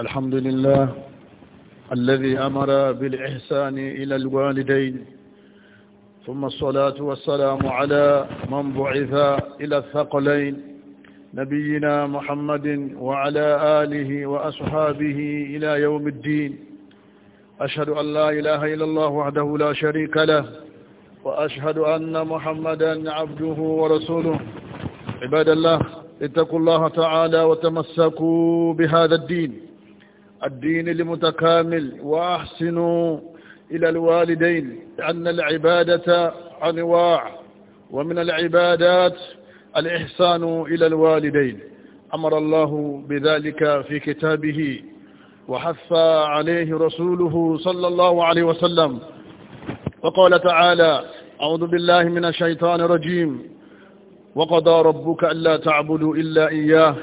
الحمد لله الذي أمر بالإحسان إلى الوالدين ثم الصلاة والسلام على من بعث إلى الثقلين نبينا محمد وعلى آله وأصحابه إلى يوم الدين أشهد أن لا إله إلا الله وحده لا شريك له وأشهد أن محمدا عبده ورسوله عباد الله اتقوا الله تعالى وتمسكوا بهذا الدين الدين المتكامل وأحسنوا إلى الوالدين لأن العبادة أنواع ومن العبادات الإحسان إلى الوالدين أمر الله بذلك في كتابه وحث عليه رسوله صلى الله عليه وسلم وقال تعالى أعوذ بالله من الشيطان الرجيم وقضى ربك ألا تعبدوا إلا إياه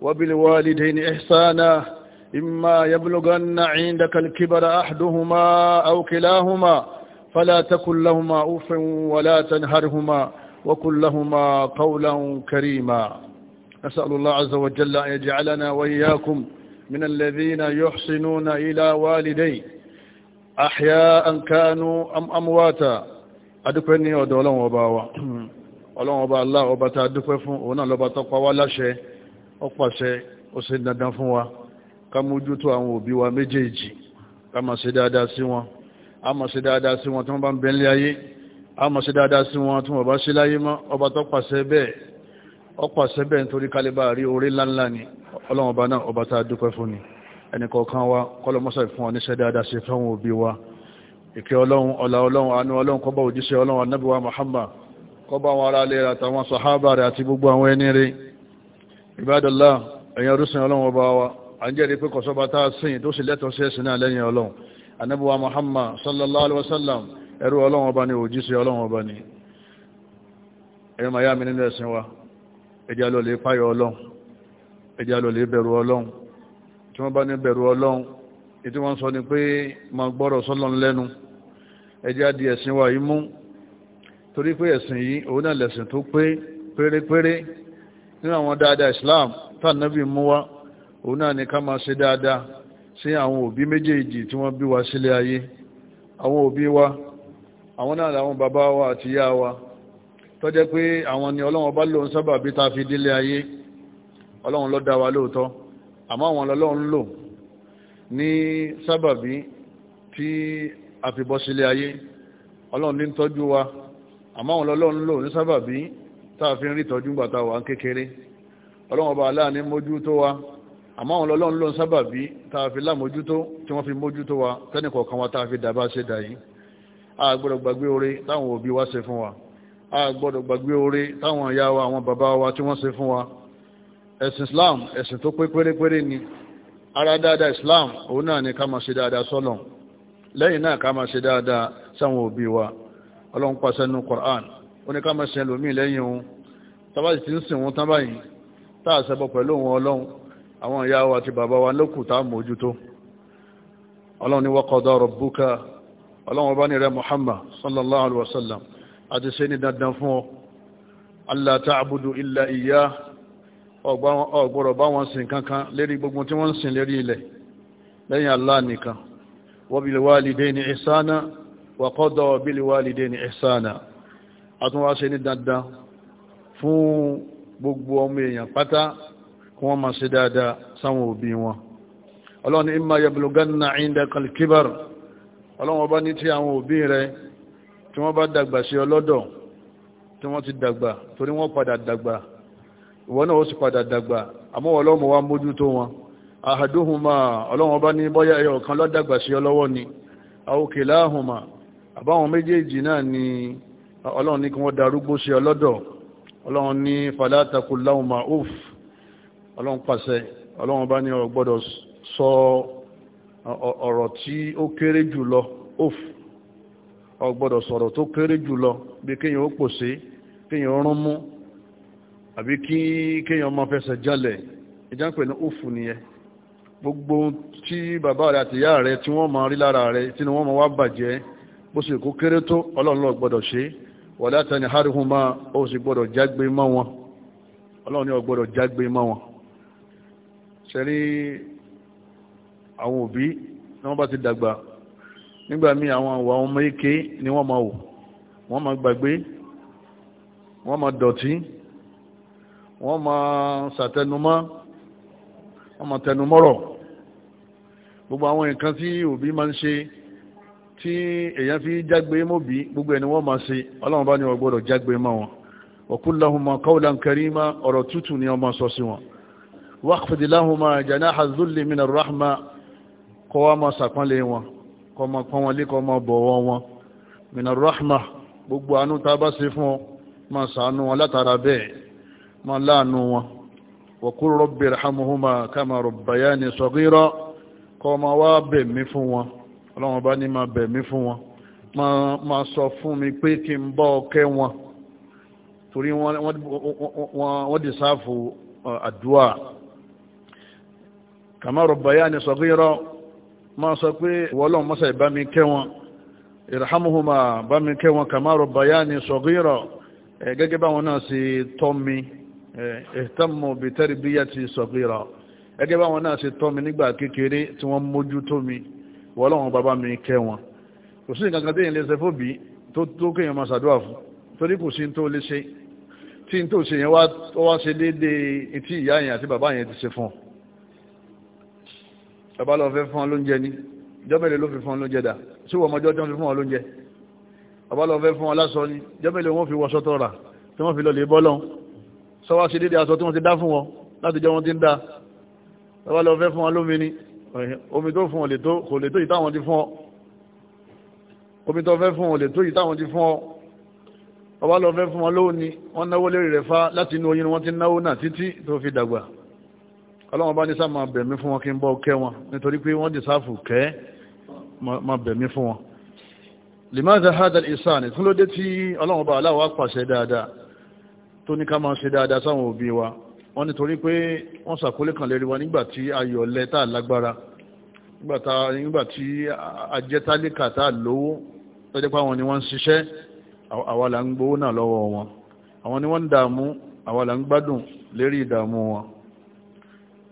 وبالوالدين إحسانا إما يبلغن عندك الكبر أحدهما أو كلاهما فلا تكن لهما أوف ولا تنهرهما وكن لهما قولا كريما أسأل الله عز وجل أن يجعلنا وإياكم من الذين يحسنون إلى والدي أحياء كانوا أم أمواتا أدفني ودولا وباوا ولو أبا الله ọba tá a dúpẹ́ fún شيء أقوى شيء pàṣẹ ó sì dandan fún ká mójútó àwọn òbí wa méjèèjì ká máa ṣe dáadáa sí wọn a máa ṣe dáadáa sí wọn tí wọ́n bá ń bẹ nílé ayé a máa ṣe dáadáa sí wọn tí wọ́n bá ṣe láyé mọ́ ọba tó pàṣẹ bẹ́ẹ̀ ó pàṣẹ bẹ́ẹ̀ nítorí kálíbà rí orí ńláńlá ni ẹ̀yàn rúsìn ọlọ́run ọba wa àjẹ́rìí pé kọ̀sọ́ba tá a sìn tó sì lẹ́tọ̀ọ́ sí ẹ̀sìn náà lẹ́yìn ọlọ́run anábíwá Muhammad sallallahu alaihi wasallam ẹrú ọlọ́run ọba ni òjíṣẹ́ ọlọ́run ọba ni ẹ̀rọ màá yá mi nínú ẹ̀sìn wa ẹjẹ́ lọ lè páyọ ọlọ́run ẹjẹ́ lọ lè bẹ̀rù ọlọ́run tí wọ́n bá ní bẹ̀rù ọlọ́run ètí wọ́n sọ ni pé ma gbọ́rọ̀ nínú àwọn dáadáa Islam tá nábì mú wá òun náà ni ká máa ṣe dáadáa sí àwọn òbí méjèèjì tí wọ́n bí wa sílé ayé àwọn òbí wa àwọn náà làwọn bàbá wa àti ìyá wa tó jẹ́ pé àwọn ni ọlọ́run bá lóun sábà bí ta fi délé ayé ọlọ́run ló dá wa lóòótọ́ àmọ́ àwọn ọlọ́run lò ní sábàbí tí a fi bọ́ sílé ayé ọlọ́run ní tọ́jú wa àmọ́ àwọn ọlọ́run lò ní sábàbí tá a fi ń rí tọ́jú gbàtà wà kékeré ọlọ́run ọba aláàánú mójú tó wa àmọ́ àwọn ọlọ́run ló ń sábà bí tàà fi lámójútó tí wọ́n fi mójútó wa tẹ́nìkọ̀ọ̀kan wa tàà fi dàbá ṣe dà yìí a gbọ́dọ̀ gbàgbé oore táwọn òbí wa ṣe fún wa a gbọ́dọ̀ gbàgbé oore táwọn ìyá wa àwọn bàbá wa tí wọ́n ṣe fún wa ẹ̀sìn Islam ẹ̀sìn tó pé pérépéré ni ara dáadáa Islam òun náà ni ká máa ṣe dáadáa sọ́lọ̀ lẹ́yìn náà ká máa ṣe dáadáa sáwọn òbí wa ọlọ́run pàṣẹ nu Qur'an ó ní ká máa ṣe ẹlòmíì lẹ́yìn òun tábàtì ti ń sìn wọn tábàyìn táà ṣẹbọ pẹ̀lú òun ọlọ́run àwọn ìyá wa àti bàbá wa lókù tá mójútó ọlọ́run ni wa qada rabbuka ọlọ́run bá ní rẹ Muhammad sallallahu alaihi wasallam àti ṣe ní dandan fún ọ alla ta'budu illa iyyah ọgbọ̀rọ̀ bá wọn ní dandan fún gbogbo ọmọ èèyàn pátá kí ma máa ṣe dáadáa sáwọn òbí wọn ọlọ́run ní imma yablughanna indaka al-kibar ọlọ́run ọba ní tí àwọn òbí rẹ tí wọ́n bá dàgbà ọlọ́dọ̀ tí wọ́n ti dàgbà torí wọ́n padà dàgbà ìwọ náà ó sì padà dàgbà àmọ́ ọlọ́run wa wọn ọlọ́run ní ọlọ́run pàṣẹ ọlọ́run bá ní ọgbọ́dọ̀ sọ ọ̀rọ̀ tí ó kéré jùlọ óf ọgbọ́dọ̀ sọ̀rọ̀ tó kéré jùlọ bí kéèyàn ó pòṣe kéèyàn rán mú àbí kí kéèyàn máa fẹsẹ̀ jalẹ̀ ìjánpẹ̀ ní óf nìyẹn gbogbo tí bàbá rẹ̀ àti ìyá rẹ̀ tí wọ́n máa rí lára rẹ̀ tí wọ́n máa wá bàjẹ́ bó sì kó kéré tó ọlọ́run lọ gbọ́dọ̀ ṣe wọ̀dátani harihun máa ó sì gbọ́dọ̀ jágbe mọ́ wọn ọlọ́run ní ọgbọ́dọ̀ jágbe mọ́ wọn ṣẹ́rí àwọn òbí ní wọ́n bá ti dàgbà nígbà míì àwọn àwọn ọmọ ike ni wọ́n máa wò wọ́n máa gbàgbé wọ́n máa dọ̀tí wọ́n máa ṣàtẹnumọ́ wọ́n máa tẹnumọ́rọ̀ gbogbo àwọn nǹkan tí òbí máa ń ṣe tí èyàn fi jágbe mọ́bí gbogbo ẹni wọ́n máa ṣe ọlọ́run bá ní ó gbọ́dọ̀ jágbe mọ́ wọn wa qul lahuma qawlan karima ọ̀rọ̀ tútù ni ó máa sọ sí wọn واخفض لهما جناح الذل من الرحمة kọwa ma sàpánlé wọn kọ ma pán wọn lé kọ ma bọ̀wọ̀ wọn minar rahma gbogbo àánú ta bá ṣe fún ma ṣàánú wọn látara bẹ́ẹ̀ ma láàánú wọn wa qul rabbi irhamhuma kama rabbayani saghira kọ ma wá bẹ̀mí fún wọn ọlọ́wọ́n bá ní ma bẹ̀mí fún wọn ma sọ fún mi pé kí n bọ́ ọkẹ́ wọn torí wọ́n dì sáàfù uh, àdúrà kama rabbayani saghira máa sọ pé wọ́lọ́n mọ́sà ìbámi kẹwọn irhamuhuma bámi kẹwọn kama rabbayani saghira gẹ́gẹ́ báwọn náà sì tọ́ mi ihtammu bi tarbiyati saghira gẹ́gẹ́ báwọn náà sì tọ́ mi nígbà kékeré tí wọ́n mójú tó mi wọ́lọ́n bàbá mi kẹwọn kò sí nǹkan kan tí èèyàn lè ṣe fóbi tó ṣe yẹn wá ṣe déédéé etí ìyá yẹn àti bàbá yẹn ti ṣe fún ọ bàbá lọ fẹ́ fún ọlóúnjẹ ní jọ́mẹ̀lẹ̀ ló fi fún ọlóúnjẹ dà sí wọ́n mọ́jọ́ tó ń fi fún ọlóúnjẹ bàbá lọ fẹ́ fún ọlásọ ní jọ́mẹ̀lẹ̀ wọ́n fi wọ́ sọ́tọ̀ rà tí wọ́n fi lọ lè bọ́lọ́ sọ́wọ́ sí dédé aṣọ tí wọ́n ti dá fún wọn láti jọ wọn ti ń dá bàbá lọ fẹ́ fún ọlómi ní omi tó fún ọlẹ́tó lè tó yìí ti fún ọ omi tó fẹ́ fún ọlẹ́tó yìí táwọn ti fún ọ bàbá lọ fẹ́ fún ọlóhùn ni wọ́n náwó lérí rẹ̀ fa láti inú oyin ni wọ́n ti náwó náà títí tó fi dàgbà ọlọ́wọ́n bá ní sá máa bẹ̀mí fún wọn kí n bọ́ kẹ́ wọn nítorí pé wọ́n dì sáfù kẹ́ máa bẹ̀mí fún wọn limaza hadal isani tún ló dé tí ọlọ́wọ́n bá aláwọ̀ pàṣẹ dáadáa tó ní ká máa ṣe dáadáa sáwọn òbí wa wọ́n nítorí pé wọ́n sàkólé kan lérí wa nígbà tí ayọ̀ lẹ́tà lágbára nígbà tí ajẹ́tálíkà tá lówó tọ́jẹ́ pé àwọn ni wọ́n ń ṣiṣẹ́ àwa ń gbowó náà lọ́wọ́ wọn àwọn ni wọ́n ń dààmú àwa ń gbádùn lérí ìdààmú wọn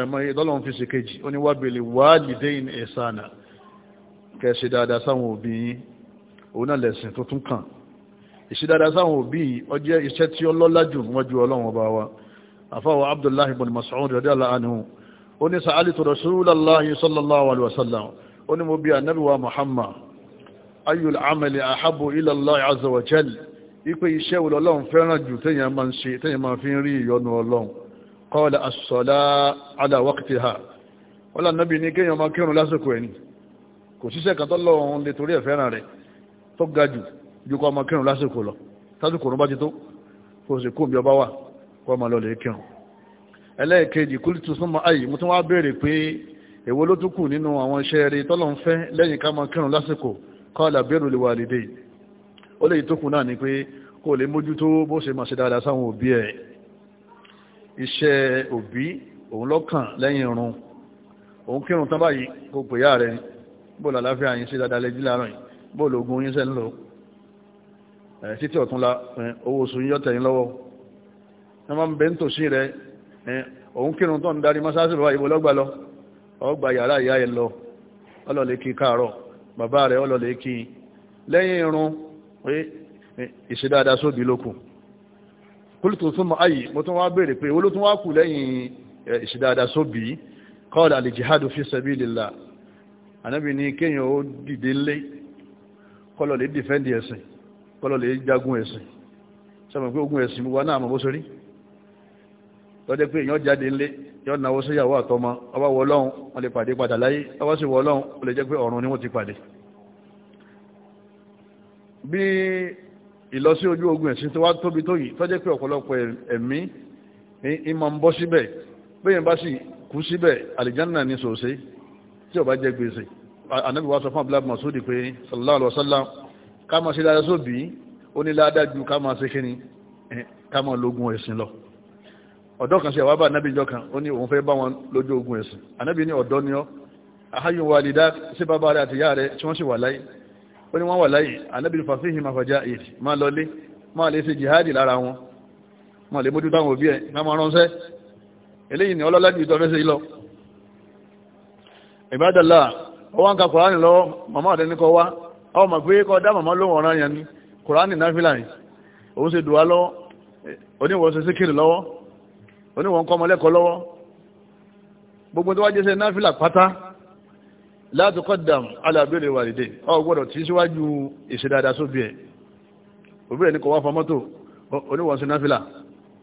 ẹ̀mọ ìdọ́lọ́n fi ṣe kejì ó ní wá bèèrè walidain ihsana kẹsì dáadáa sáwọn òbí yín òun náà lẹ̀sìn tó tún kàn ìṣe dáadáa sáwọn òbí yìí ó jẹ́ iṣẹ́ tí ó lọ́lá jù wọ́n ju ọlọ́run ọba wa àfáwọ̀ abdullahi ibn mas'ud radiyallahu anhu ó ní sa'alitu rasulallahi sallallahu alaihi wasallam ó ní mo bi ànábì wa muhammad ayyul amali ahabu kọ́ọ̀lá asọ̀lá aláwọ́kìtì ha wọ́n lànàbí ní kéèyàn máa kírun lásìkò ẹni kò síṣẹ́ kan tọ́lọ́ òun lè torí ẹ̀fẹ́ràn rẹ̀ tó ga jù ju kọ́ máa kírun lásìkò lọ tásìkò rún bá ti tó kò sì kú bí ọba wà kọ́ máa lọ lè kírun ẹlẹ́ẹ̀kejì kúlì tún súnmọ́ ayé mo tún wá béèrè pé èwo bó ṣe máa ṣe dáadáa sáwọn òbí ẹ̀ iṣẹ́ òbí òun lọ́kàn lẹ́yìn irun òun kírun tán báyìí kó pè yá rẹ̀ bóòlù àláfíà yín sí dáadáa lẹ́jí láàárọ̀ bóòlù ogun yín sẹ́ ń lò títí ọ̀tún la owó oṣù yín yọ̀tẹ̀ yín lọ́wọ́ ẹ máa ń bẹ ń tòsí rẹ òun kírun tó ń darí mọ́sáàsì lọ́wọ́ ìbò lọ́gbà lọ ọgbà yàrá ìyá ẹ lọ ọlọ́lẹ̀ kí káàárọ̀ bàbá rẹ̀ ọlọ́lẹ̀ kí lẹ́yìn irun ìṣe sóbì lókun kúlùtù súnmọ̀ ayì mo tún wá bèèrè pé olótún wá kù lẹ́yìn ìṣìdáadà sóbì kọ́ọ̀lá lè jihadu fi sabilillah anábì ní kéèyàn ó dìde lé kọ́lọ̀ lè dìfẹ́ndì ẹ̀sìn kọ́lọ̀ lè jagun ẹ̀sìn sọ́mọ̀ pé ogun ẹ̀sìn wa náà mọ̀ bó sórí lọ́dẹ́ pé èèyàn jáde lé yọ́ náwó síyàwó àtọmọ ọba wọ ọlọ́run lè pàdé padà láyé ọba sì wọ ó lè jẹ́ pé ọ̀run ni wọ́n ti pàdé ìlọsí ojú ogun ẹ̀sìn tó wá tóbi tó yìí tọ́jẹ́ pé ọ̀pọ̀lọpọ̀ ẹ̀mí ìmọ̀ ń bọ́ síbẹ̀ bẹ́yìn bá sì kú síbẹ̀ àlìjánà ní sòsé tí ó bá gbèsè anábì wá sọ fún abúlé masudi pé sallallahu alaihi wasallam ká máa ṣe dáadáa sóbì ó ní ládàá ju ká máa ṣe kí ni eh, ká máa lógun ẹ̀sìn lọ ọ̀dọ́ kan sí àwọn bá anábì jọ kan ó ní òun fẹ́ bá wọn lójú ogun ẹ̀sìn anábì ní ọ̀dọ́ ni ọ́ ahayun walida sí bàbá rẹ̀ àtìyá rẹ̀ tí wọ́n sì wà láyé ó ní wọ́n wà láyé anábìrì fàṣíhì ma fàjá ìrì ma lọlé ma lè ṣe jihadi lára wọn ma lè mójú táwọn òbí ẹ̀ ma ránṣẹ́ eléyìí ni ọlọ́lá jù tọ́fẹ́ sí ilọ́ ìbádàlá ọwọ́ ń ka kùránì lọ màmá ọ̀dẹ́ ní kọ wá ọ ma pé kọ dá màmá lóhun ọ̀ràn yẹn ni la tuqaddam ala birri walidayni ọ gbọ́dọ̀ tí síwájú ìṣẹ́dáadá sóbi ẹ̀ òbí rẹ̀ ní kọ wá fọmọ́tò oníwọ̀nsí náfìlà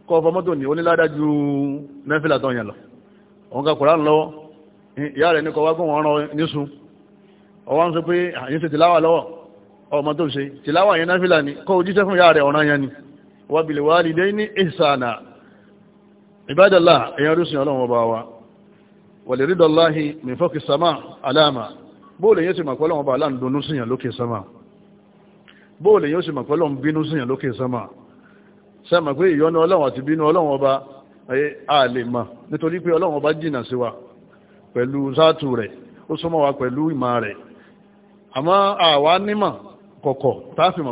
kọ fọmọ́tò ní oníládájú náfìlà tó yẹn lọ òun ka Kùránì lọ́wọ́ ìyá rẹ̀ ní kọ ni ihsana ibadallah èèyàn rúṣin ọba wa wàlèrídọ̀ láhì mìfọ́kì sama alama bóòlù yóò sì mọ̀ pẹ́lọ́wọ́n bá aláàmà loke sama bóòlù yóò sì mọ̀ pẹ́lọ́wọ́n bínú síyàn sama sẹ́mọ̀ pé ìyọ́nú ọlọ́wọ́n àti bínú ọlọ́wọ́n ọba àlè mà nítorí pé ọba jìnà siwa wa pẹ̀lú záàtù rẹ̀ wa pẹ̀lú ìmà rẹ̀ awa nima koko kọ̀kọ̀ táàfin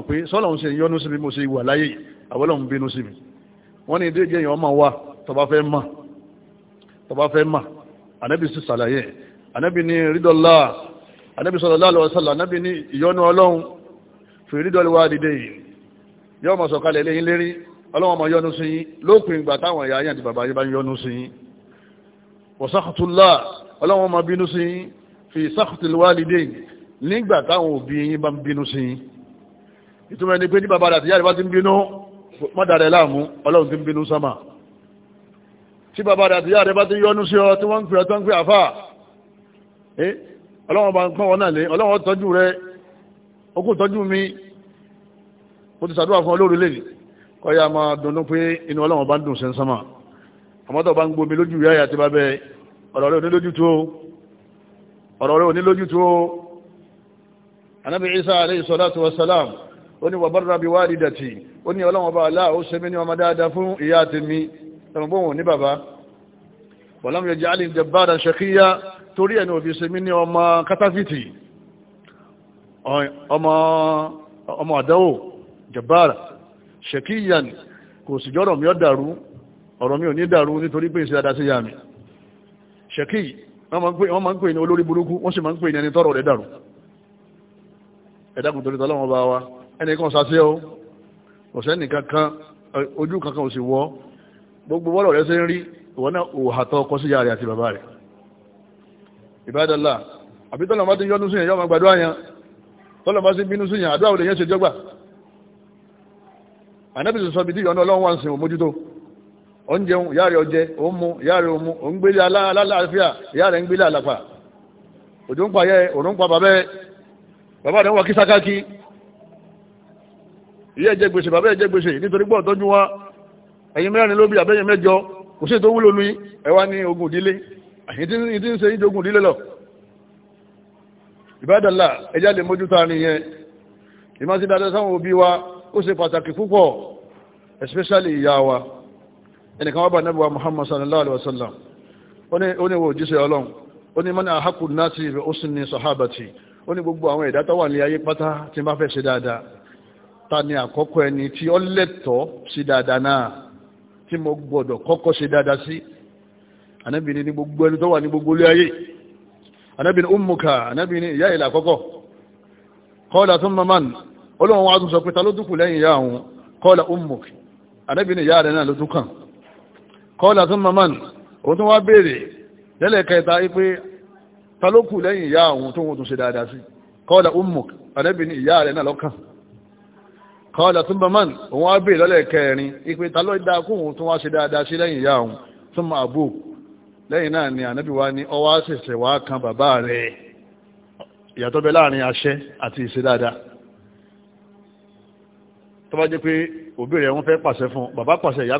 mọ̀ pé mo wa ma. anabi sì sàlàyé anabi ní rídọ́lá anabi sallallahu alaihi wasallam anabi ní ìyọ́nú ọlọ́run fi rídọ́lá wá dìde yìí yọ́ mọ̀ sọ̀kalẹ̀ lẹ́yìn lérí ọlọ́wọ́n mọ̀ yọ́nú sí yín lópin ìgbà táwọn ìyá yẹn àti bàbá yẹn bá ń yọ́nú sí yín wọ̀sáhùtúlá ọlọ́wọ́n mọ̀ bínú sí yín fi sáhùtúlwálidé nígbà táwọn òbí yín bá ń bínú sí yín ìtumọ̀ pé ní bàbá àti ìyá bá ti ń bínú mọ́dàrẹ̀ láàmú ọlọ́run ti ń bínú sámà tí bàbá àti ìyá rẹ̀ bá ti yọ́nú sí ọ tí wọ́n ń pè ọ́ tó ń pè àfà ọlọ́wọ́n bá ń pọ́n wọn náà lé ọlọ́wọ́n tọ́jú rẹ̀ okú tọ́jú mi ó ti sàdúrà fún olóòrùn lè ní kọ́yà máa dùnnú pé inú ọlọ́wọ́n bá ń dùn sí ń àmọ́tọ̀ bá ń gbomi lójú ìyá àti bàbẹ́ ọ̀rọ̀ rẹ̀ onílójú tó anábì Isa alayhi salatu wa salam ó ní wa barra bi walidati ó ní ọlọ́wọ́n bá aláà ó ṣe ní ọmọ dáadáa fún ìyá àti mi ẹ̀rùngbọ́n wọn ní bàbá wọ̀lámi ọjà alì jẹbára ṣẹkíyá torí ẹni òbí ṣe mí ní ọmọ kátàfìtì ọmọ àdáwò jẹbára ṣẹkíyá kò sì jọ́rọ̀ mi ò dàrú ọ̀rọ̀ mi ò ní dàrú nítorí pé ìṣẹ́dá sí yàmì ṣẹkí wọ́n máa ń pè ní olórí burúkú wọ́n sì máa ń pè ní ẹni tọ́rọ̀ rẹ̀ dàrú ẹ̀dàkùn torí tọ́lọ́wọ́n bá wa ẹnì kan sáṣẹ́ o ọ̀sẹ́ nìkan kan ojú kankan ò sì wọ́ gbogbo wọ́lọ̀ rẹ̀ sí ń rí ìwọ̀n náà òhàtọ́ ọkọ̀ sí yàrá àti bàbá rẹ̀ ìbádọ́lá àbítọ́lọ̀ bá ti yọ́nú sí ìyọ́mọ̀ gbàdúrà yẹn tọ́lọ̀ bá sí bínú sí yẹn àdúrà olèyẹn ṣe jọgbà ànábì sọ bí tí yọ́nú ọlọ́run wà ń sin òmójútó oúnjẹun yáà rẹ̀ ọjẹ́ òun mu yáà rẹ̀ òmu òun àlàpà òjò ń payẹ òun pa bàbá ẹ bàbá rẹ̀ ń wà kísákákí ìyá ẹ̀jẹ̀ gbèsè bàbá ẹ̀jẹ̀ gbèsè nítorí gbọ́ ọ̀tọ́jú wọn ẹ̀yin mẹ́rin ló bí àbẹ́yìn mẹ́jọ kò sí ètò wúlò ní ẹwà ní ogun ìdílé ẹ̀yin tí ń ṣe ìjọ ogun ìdílé lọ ìbádàlá ẹjá lè mójútó nìyẹn ìmá sí sáwọn òbí wa ó ṣe pàtàkì púpọ̀ especially ìyá wa ẹnìkan wa Muhammad sallallahu alaihi wasallam ó ní wo jíṣẹ́ ọlọ́run ó ní mọ́nà àhákù náàtì ìbẹ̀ ó sì ní sọ̀hábàtì ó ní gbogbo àwọn ẹ̀dá tó wà ní ayé pátá ta ni àkọ́kọ́ ẹni tí ó lẹ́tọ̀ọ́ sí dáadáa náà tí mo gbọ́dọ̀ kọ́kọ́ ṣe dáadáa sí Ànábì ní gbogbo ẹni tó wà ní gbogbo ilé ayé Ànábì ní ummuka Ànábì ní ìyá ìlà àkọ́kọ́ kọ́ọ̀lá tó mọ́mán olóhùn wa tún sọ pé ta ló dúkù lẹ́yìn ìyá àwọn kọ́ọ̀lá ummuk Ànábì ní ìyá rẹ̀ náà ló dúkàn kọ́ọ̀lá tó mọ́mán òun tó wá béèrè lẹ́lẹ̀ kẹta pé ta ló kù lẹ́yìn ìyá àwọn tó wọ́n tún ṣe dáadáa sí kọ́ọ̀lá ummuk Ànábì ìyá rẹ̀ náà lọ́kàn kọ́ọ̀lá tún bá mọ́n òun á bè lọ́lẹ̀ kẹrin ìpè ta ló dá kóhun tún wá ṣe dáadáa sí lẹ́yìn ìyá òun tún máa bò lẹ́yìn náà ni ànábì wá ní ọwá ṣẹ̀ṣẹ̀ wá kan bàbá rẹ̀ ìyàtọ̀ bẹ láàrin àṣẹ àti ìṣe dáadáa tó bá jẹ́ pé òbí rẹ̀ wọ́n fẹ́ pàṣẹ fún bàbá pàṣẹ ìyá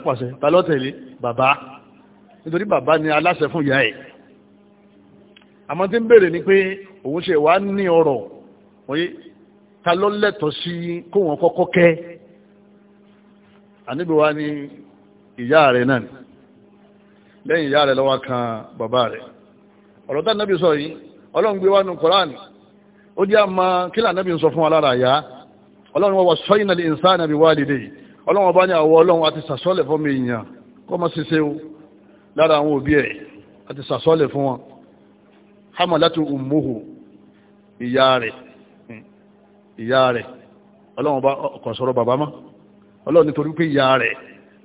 ta ló lẹ́tọ̀ọ́ sí kó wọn kọ́kọ́ kẹ́ àníbi wa ni ìyá rẹ̀ náà ni lẹ́yìn ìyá rẹ̀ ló wá kan bàbá rẹ̀ ọ̀rọ̀ tá nàbí sọ yìí ọlọ́run gbé wá nu koran ó jẹ́ àmà kílà nàbí sọ fún wa lára ọlọ́run wọ́n sọ ìnàlẹ̀ ìnsá nàbí wá dìde ọlọ́run ọba ní àwọ ọlọ́run àti sàsọ́lẹ̀ fún mi èèyàn kọ́ mọ́ ṣiṣẹ́ o lára àwọn òbí ẹ̀ àti sàsọ́lẹ̀ fún wọn hamalatu ummuhu ìyá rẹ̀ ìyá rẹ̀ ọlọ́run bá ọkọ̀ sọ̀rọ̀ bàbá mọ́ ọlọ́run nítorí pé ìyá rẹ̀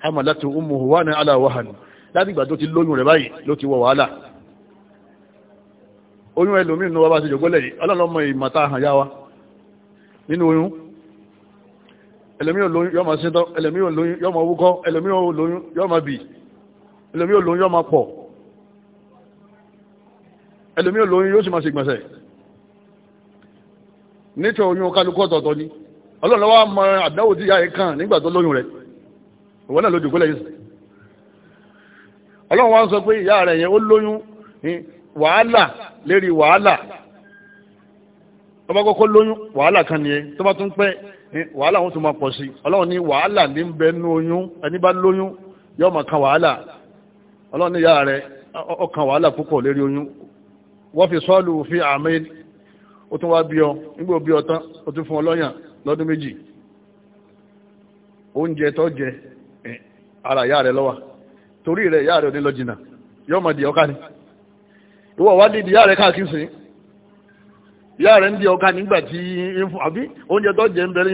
hamalatu ummuhu wa na ala wahan láti ìgbà tó ti lóyún rẹ̀ báyìí ló ti wọ wàhálà oyún ẹlòmíì nínú wa bá ti jògbólẹ̀ yìí ọlọ́run ọmọ ìmọ̀ta àhàn yá wa nínú oyún ẹlòmíì olóyún yọ́ ma síntọ́ ẹlòmíì olóyún yọ́ ma wúkọ́ ẹlòmíì olóyún yọ́ ma bì ẹlòmíì olóyún nítorí oyún kálukú ọ̀tọ̀ọ̀tọ̀ ni ọlọ́run lọ́wọ́ mọ àdáwò tí ìyá rẹ̀ kàn nígbà tó lóyún rẹ̀ ìwọ náà ló dìgbò lẹ́yìn sí ọlọ́run wá ń sọ pé ìyá rẹ̀ yẹn ó lóyún wàhálà lérí wàhálà ọba kọ́kọ́ lóyún wàhálà kan nìyẹn tó bá tún pẹ́ wàhálà wọn tún máa pọ̀ sí ọlọ́run ní wàhálà ní bẹ nú oyún ẹni bá lóyún yóò máa kan wàhálà ọlọ́run ní ìyá rẹ̀ ọkàn wàhálà púpọ̀ lérí oyún wọ́n fi sọ́ọ̀lù fi àmì ó tún wá bí ọ nígbà ọ ó tún fún ọ lọ́dún méjì oúnjẹ tó jẹ ara ìyá rẹ lọ́wà torí rẹ ìyá rẹ ò ní lọ jìnà di ọka ni ìwọ wá dìdì ìyá rẹ káàkiri sí ìyá rẹ ń di ọ̀ka nígbà tí àbí oúnjẹ tó jẹ ń ń bẹ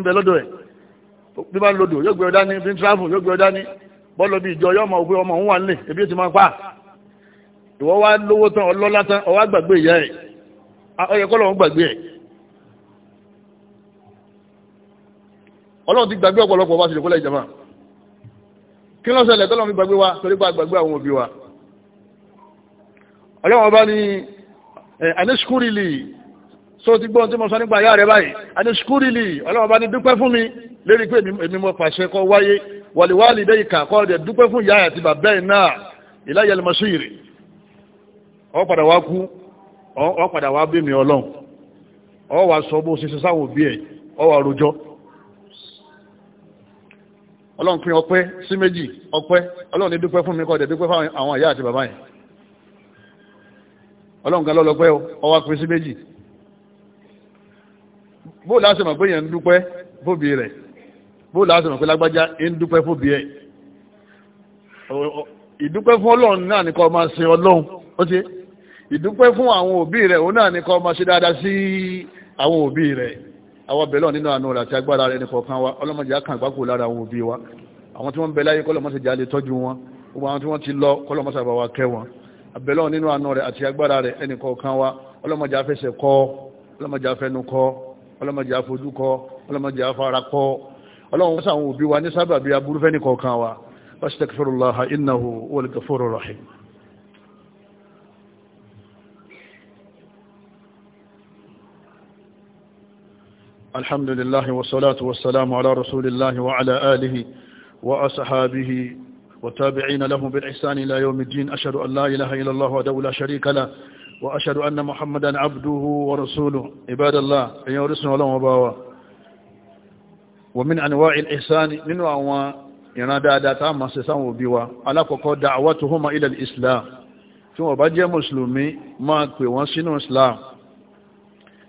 bí bá ń lodò yóò gbé ọ dání bí ń yóò gbé ọ dání bọ́ọ̀lù bí ìjọ ọmọ òun wà ebi ti máa pa ìwọ wá lówó tán ọlọ́lá tán ọyẹ ah, kọ́ lọ́wọ́ gbàgbé ẹ̀ ọlọ́run ti gbàgbé ọ̀pọ̀lọpọ̀ wá sílẹ̀ kọ́lẹ̀ ìjọba kí ló ṣẹlẹ̀ tọ́lọ́run gbàgbé wa torí pa gbàgbé àwọn òbí wa ọlọ́run bá ní eh, anẹ́sùkúrìlì só ti gbọ́n tí mo sọ nípa ayá rẹ̀ báyìí anẹ́sùkúrìlì ọlọ́run bá ní dúpẹ́ fún mi lérí pé èmi mo pàṣẹ kó wáyé wàlíwàlì dé ìkà kọ́ ọ̀dẹ̀ dúpẹ́ fún ìyá àti bàbá ẹ̀ náà ìláyẹlẹmọsí rẹ̀ ọ padà wá kú ọ padà wá bí mi ọlọ́run ọ wà sọ bó ṣe sáwọn òbí ẹ̀ ọ wà rojọ́ ọlọ́run pín ọpẹ́ sí méjì ọpẹ́ ọlọ́run ní dúpẹ́ fún mi kọ́dẹ̀ dúpẹ́ fún àwọn ìyá àti bàbá yẹn ọlọ́run kan lọ́lọ́pẹ́ ọ wá pín sí méjì bó láti mọ̀ pé yẹn ń dúpẹ́ fóbi rẹ̀ bó láti mọ̀ pé lágbájá ń dúpẹ́ fóbi ẹ̀ ìdúpẹ́ fún ọlọ́run náà ní kó máa sin ọlọ́run ó ti ìdúpẹ́ fún àwọn òbí rẹ̀ òun náà ní kó máa ṣe dáadáa sí àwọn òbí rẹ̀ àwọn abẹ́lọ́ nínú àánú rẹ̀ àti agbára rẹ̀ nìkọ̀ọ̀kan wa ọlọ́mọdé á kàn gbáko lára àwọn òbí wa àwọn tí wọ́n ń bẹ láyé kọ́lọ́mọsẹ̀ jà lè tọ́jú wọn gbogbo àwọn tí wọ́n ti lọ kọ́lọ́mọsẹ̀ àbáwá kẹ́ wọn abẹ́lọ́ nínú àánú rẹ̀ الحمد لله والصلاة والسلام على رسول الله وعلى آله وأصحابه وتابعين له بالإحسان إلى يوم الدين أشهد أن لا إله إلا الله وحده شريك له وأشهد أن محمدا عبده ورسوله عباد الله أيها رسول الله وباوا ومن أنواع الإحسان من أنواع ينادى داتا ما سيسان وبيوا على كوكو دعوتهما إلى الإسلام ثم بجي مسلمي ما كوي وانسينو إسلام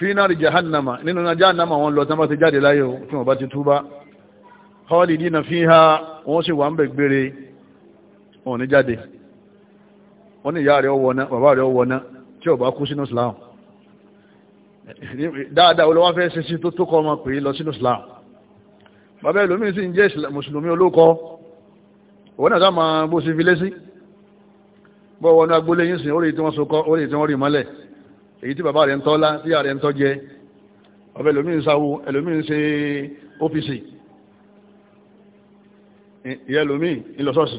fínárì jahannama nínú na jahannama wọn lọ tán bá ti jáde láyé o tí wọ́n bá ti túbá khalidina fiha wọ́n sì wà ń bẹ̀ gbére wọn ní jáde wọ́n ní ìyá rẹ̀ ọwọ́ná bàbá rẹ̀ ọwọ́ná tí ó bá kú sínú islam dáadáa olówá fẹ́ ṣe sí tó tó kọ́ ọmọ pè lọ sínú islam bàbá ẹlòmíín sì ń jẹ́ mùsùlùmí olókọ òun náà sáà bó ṣe fi lé sí bọ́ wọnú agboolé yín sìn orí tí wọ́n so kọ́ orí tí wọ́n rí mọ́lẹ̀ èyí tí bàbá rẹ̀ ń tọ́lá tí ààrẹ ń tọ́ jẹ ọbẹ̀ ẹlòmí ń sáwó ẹlòmí ń ṣe ọ́fíìsì ìyá ẹlòmí ń lọ ṣọ́ọ̀ṣì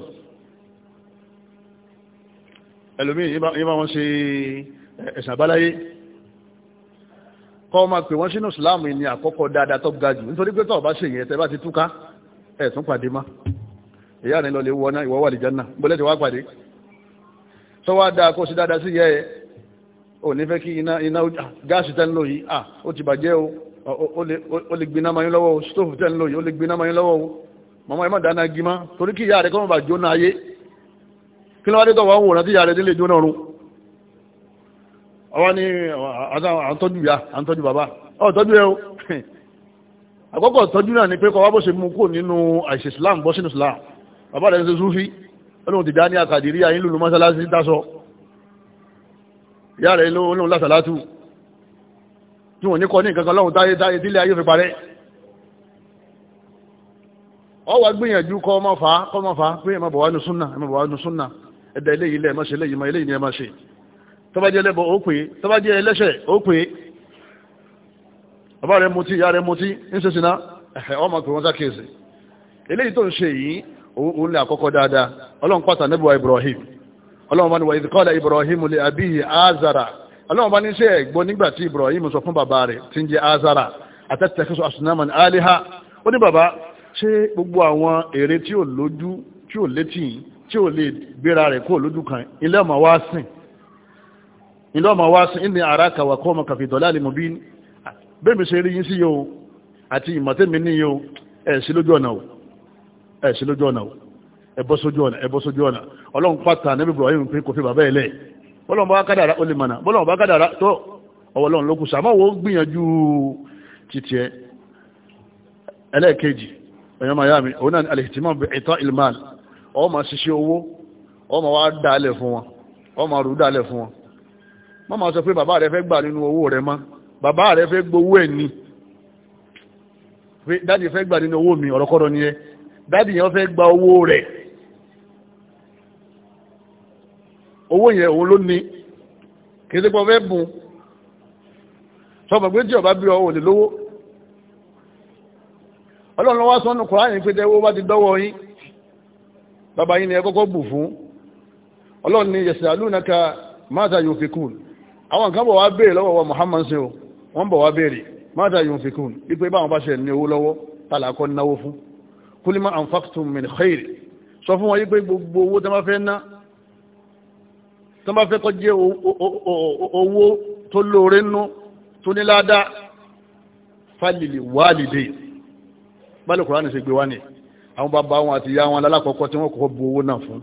ẹlòmí ń bá wọn ṣe ẹ̀sìn àbáláyé kọ́ ma pè wọ́n sínú Islam ní àkọ́kọ́ dáadáa tó ga jù nítorí pé tọ́ọ̀bá ṣe yẹn tẹ́bá ti túká ẹ̀tún pàdé má ìyá rẹ̀ lọ lè wọ́ná ìwọ́wà lè jẹ́ náà wá pàdé sọ dáa kó sí dáadáa sí yẹ́ ò ní fẹ́ kí iná iná ah, gáàsì tẹ́ ń yìí ah ó ti bàjẹ́ o ó lè gbiná mayín lọ́wọ́ o stóòfù tẹ́ ń lò yìí ó lè gbiná mayín lọ́wọ́ o màmá ẹ̀ má dáná gímá torí kí ìyá rẹ̀ kọ́mọ̀ bà jóná ayé kí ló wá dé tọ́wọ́ wòrán tí ìyá rẹ̀ délé jóná ọ̀run ọwọ́ ni àtọ́jú ìyá àtọ́jú bàbá ọ̀tọ́jú ẹ o àkọ́kọ́ ọ̀tọ́jú náà ni pé kọ́wá bó ṣe mú kò nínú àìsè Islam bọ́ sínú Islam bàbá rẹ̀ ń ṣe súfí ọlọ́run ti dá ní àkàdírí ayé lùlù mọ́sálásí ìyá rẹ̀ ló lóun lásàlátù tí wọ́n ní kọ́ ní nǹkan lọ́hùn táyé táyé dílé ayé fi parẹ́ ọ gbìyànjú kọ́ ọmọ fa kọ́ ọmọ fa pé ẹmọ bọ̀wá nu ẹmọ bọ̀wá nu súnà ẹ̀dà ilé ẹmọ ṣe ni ẹmọ ṣe tọ́bájẹ́ ẹlẹ́bọ̀ ó pè tọ́bájẹ́ ẹlẹ́ṣẹ̀ ó pè bàbá rẹ̀ mutí ya rẹ̀ mutí ń ṣe ẹ̀hẹ̀ ọmọ Ibrahim ọlọ́run bá ní wa idh qala ibrahim li abihi azara ọlọ́run bá ní ṣe ẹ̀gbọ́n nígbà tí ibrahim sọ fún bàbá rẹ̀ tí ń jẹ́ azara àtẹ́tẹ́kẹ́sọ asnaman aliha ó ní bàbá ṣé gbogbo àwọn ère tí ò lójú tí ò létí tí ò lè gbéra rẹ̀ kó lójú kan ilé ọmọ wá sìn ilé ọmọ wá sìn inni araka wa qawmaka fi ṣe rí yín sí yóò àti ìmọ̀tẹ́mi ní yóò ẹ̀ sí lójú ọ̀nà ò ẹ̀ sí lójú ọ̀nà ò ẹbọ sójú ọ̀nà ẹbọ sójú ọ̀nà ọlọ́run pàtà níbi Ibrahim pé kò fi bàbá ẹlẹ́ bọ́lọ́run bá kádàrá ó lè mọ̀nà bọ́lọ́run bá kádàrá tó ọwọ́ ọlọ́run ló kù sàmáwò gbìyànjú títí ẹlẹ́ẹ̀kejì ẹ̀yọ́ ilmal ọ ma ṣiṣẹ́ owó ọ ma wá dálẹ̀ fún wọn ọ ma rú dálẹ̀ ma sọ pé bàbá rẹ fẹ́ gbà nínú owó rẹ má bàbá rẹ mi ọ̀rọ̀kọ́rọ̀ ni ẹ dáàdì yẹn fẹ́ gba owó rẹ̀ owó yẹn òun ló ní kìí sípò fẹ́ bùn sọmọ pé tí ọba bí ọ òlè lówó ọlọ́run wá sọ́nù kùránì pé tẹ́wọ́ bá ti dọ́wọ́ yín bàbá yín ni ẹ kọ́kọ́ bù fún ọlọ́run ni yas'alunaka mata yunfikun àwọn nǹkan bọ̀ wá béèrè lọ́wọ́ wa Muhammad sí o wọ́n bọ̀ wá béèrè mata yunfikun ipé báwọn bá ṣe ní owó lọ́wọ́ tàlàkọ́ náwó fún kulima anfaqtum min khair sọ fún wọn yí pé gbogbo owó tẹ́ máa fẹ́ ná tó bá fẹ́ kọ́ jẹ́ owó tó lóore nú tó ní ládàá fálìlì wálìdè bálẹ̀ kùránì ṣe gbé wá ní àwọn bàbá wọn àti ìyá wọn alákọ̀ọ́kọ́ tí wọ́n kọ́kọ́ bu owó náà fún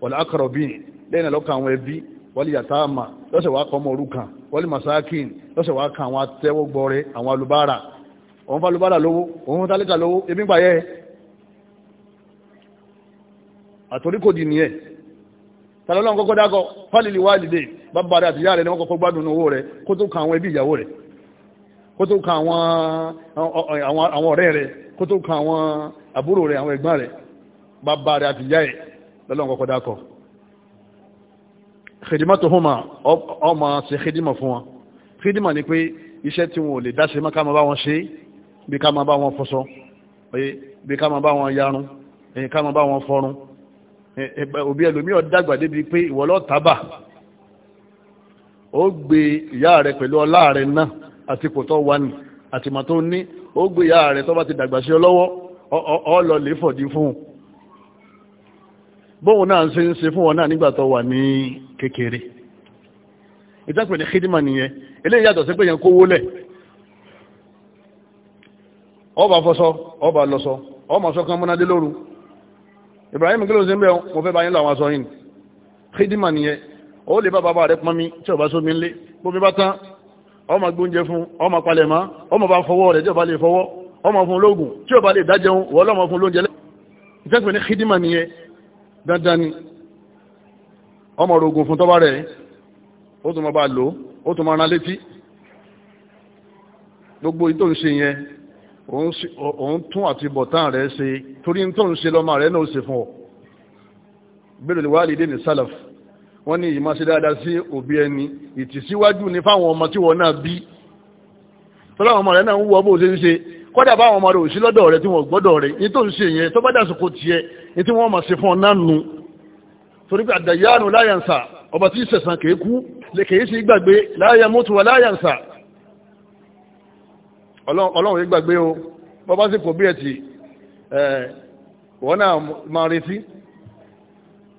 wọ̀lá akọ̀rọ̀ bíi lẹ́yìn lọ́kọ̀ àwọn ẹbí wọ́lì yàtàmà lọ́sẹ̀ wá kọ́ ọmọ òrukàn wọ́lì masakin lọ́sẹ̀ wá kan àwọn atẹ́wọ́gbọ́rẹ́ àwọn alubára òun fa alubára lówó òun tálíkà lówó ebí gbà yẹ àtòríkòdì nìyẹn tàlọ́lọ́n kọ́kọ́ dákọ́ fálìlì wáàdìdè bàbá rẹ̀ àtìyá rẹ̀ ni wọ́n kọ́kọ́ gbádùn owó rẹ̀ kó tó ka àwọn ẹbí ìyàwó rẹ̀ kó tó ka àwọn ọ̀rẹ́ rẹ̀ kó tó ka àwọn àbúrò rẹ̀ àwọn ẹ̀gbọ́n rẹ̀ bàbá rẹ̀ àtìyá rẹ̀ lọ́lọ́n kọ́kọ́ dákọ́ xidima tó fún ma ọmọ ṣe xidima fún wa xidima ni pé iṣẹ́ tí wọn ò lè dáṣe má ká bá wọn ṣe bí ká bá wọn fọṣọ bí ká bá wọn yarun bí ká bá wọn fọrun òbí ẹlòmíràn dàgbà débi pé ìwọ lọ tábà ó gbé ìyá rẹ pẹ̀lú ọlá rẹ náà àti kò tọ́ wà ní àtìmọ̀ tó ní ó gbé ìyá rẹ tó bá ti dàgbà sí ọ lọ́wọ́ ọ lọ lè fọ̀dí fún un bóun náà ń ṣe ń ṣe fún wọn náà nígbà tó wà ní kékeré ìtàkùn ní nìyẹn eléyìí yàtọ̀ sí pé yẹn kówó lẹ̀ ọba fọṣọ ọba lọṣọ ọmọ sọ kan múnadé lóru Ibrahim kí ló ń ṣe ń bẹ̀ wọ́n fẹ́ bá yín lọ àwọn aṣọ yìí hídímà nìyẹn ó lè bá bàbá rẹ̀ pọnmi tí ọba sómi ńlé bómi bá tán ọmọ gbóúnjẹ fún ọmọ palẹ̀ mọ́ ọmọ bá fọwọ́ rẹ̀ tí ọba lè fọwọ́ ọmọ fún lóògùn tí ọba lè dájẹun wọ́n lọ́mọ fún lóúnjẹ lẹ́yìn ní hídímà nìyẹn dandan ni ọmọ rogun fún tọ́ba rẹ̀ ó tún máa bá lò ó tún máa rán létí gbogbo ìtò ń ṣe yẹn òun tún àti bọ̀tán rẹ̀ ṣe torí tó ń ṣe lọ́mọ rẹ̀ náà ṣe fún ọ bẹ́ẹ̀rẹ̀ wà lédè ní sálàf wọ́n ní ìmọ̀ sí dáadáa sí òbí ẹni ìtìsíwájú ní fáwọn ọmọ tí wọ́n náà bí tọ́lá ọmọ rẹ̀ náà ń wọ́ bó ṣe ń ṣe kọ́dà báwọn ọmọ rẹ̀ ò sí lọ́dọ̀ rẹ̀ tí wọ́n gbọ́dọ̀ rẹ̀ ní tó ń ṣe yẹn tó bá dàsìkò tiẹ̀ ní tí wọ́n mọ̀ sí fún ọ náà nu torí pé àdàyánu láyànsà ọba tí ìṣẹ̀sán kèé kú lè kèé sí gbàgbé láyàmótùwà láyànsà ọlọ́run yìí gbàgbé o bọ́bá sì fò bí ẹ̀ tì wọ́n náà máa retí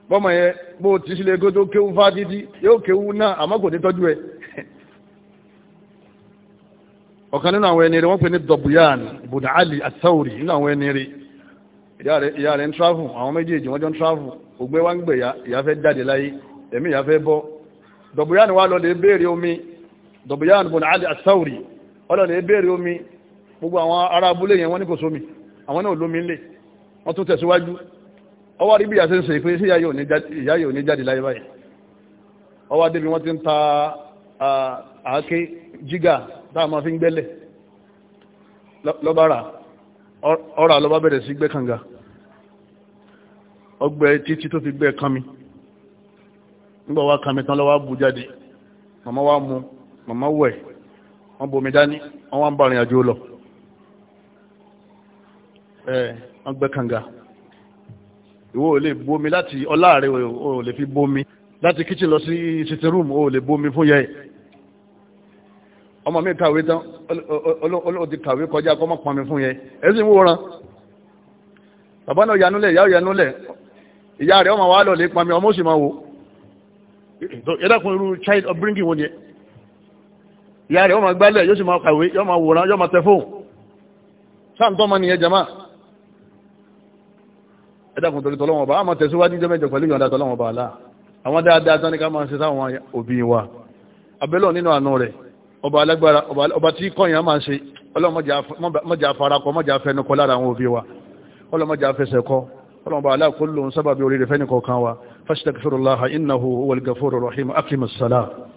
bọ́mọ̀ yẹn bó ti sílẹ̀ kó tó kéwú fá títí yóò kéwú náà àmọ́ kò ní tọ́jú ẹ̀ ọ̀kan nínú àwọn ẹni rẹ̀ wọ́n pè ní dọ̀bùyàn ìbùdó àlì àtàwòrì nínú àwọn ẹni rẹ̀ ìyá rẹ̀ ń tráfù àwọn méjèèjì wọ́n jọ ń tráfù ògbé wá ń gbè ya ìyá fẹ́ jáde láyé ẹ̀mí ìyá fẹ́ bọ́ dọ̀bùyàn wá lọ ọlọ́lẹ̀ ebeere omi gbogbo àwọn ará abúlé yẹn wọ́n ní kò sómi àwọn náà lómi ńlẹ̀ wọ́n tún tẹ̀síwájú ọwọ́ rí bí ìyá ṣe ń ṣe pé sí ìyá yóò ní jáde láyé báyìí ọwọ́ wọ́n ti ń ta àáké jígà tá a máa fi ń gbẹ́lẹ̀ lọ́bàrà ọ̀rà lọ́bà bẹ̀rẹ̀ sí gbẹ́ kànga ọgbẹ́ fi gbẹ́ kánmi nígbà wá kánmi tán lọ́wọ́ jáde màmá wá màmá wọ́n bomi dání wọ́n wá ń bàrin àjò lọ wọ́n gbẹ́ kànga ìwọ ò bomi láti ọlá rẹ̀ ò lè fi bomi láti kitchen lọ sí sitting room ò lè bomi fún yẹ ọmọ mi kàwé tán olóòdì kàwé kọjá kọ́ mọ́ pọnmi fún yẹ ẹ̀sìn wòran bàbá náà yanúlẹ̀ ìyá yanúlẹ̀ ìyá rẹ̀ ọmọ wa lọ lè pọnmi ọmọ sì máa wò ẹ̀dàkùn irú child upbringing wọn yẹn ìyá rẹ̀ yóò máa gbálẹ̀ yóò sì máa kàwé yóò máa wòrán yóò máa tẹ fóun sáàntọ́ ma nìyẹn jama ẹ̀dàkùn torí tọ́lọ́wọ́ bá a máa tẹ̀síwájú jẹ́ mẹ́jọ pẹ̀lú ìyọ̀nda tọ́lọ́wọ́ bá aláà àwọn dáadáa tán ní ká máa ṣe sáwọn òbí wa abẹ́lọ̀ nínú àánú rẹ̀ ọba alágbára ọba tí kọ́yàn máa ṣe ọlọ́mọjà farakọ mọ́jà fẹnukọ lára